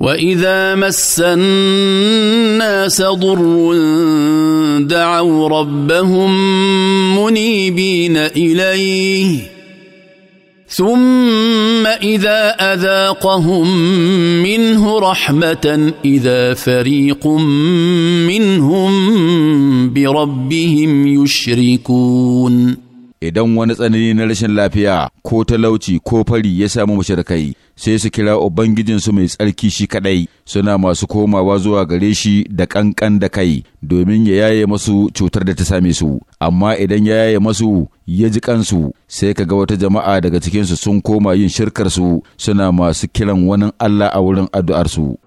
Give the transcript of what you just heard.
واذا مس الناس ضر دعوا ربهم منيبين اليه ثم اذا اذاقهم منه رحمه اذا فريق منهم بربهم يشركون idan wani tsanani na rashin lafiya ko talauci ko fari ya samu kai sai su kira ubangijinsu mai tsarki shi kadai suna masu komawa zuwa gare shi da kankan da kai domin ya yaye masu cutar da ta same su amma idan ya yaye masu ya ji kansu sai ga wata jama'a daga cikinsu sun koma yin shirkarsu suna masu kiran wani Allah a wurin addu'arsu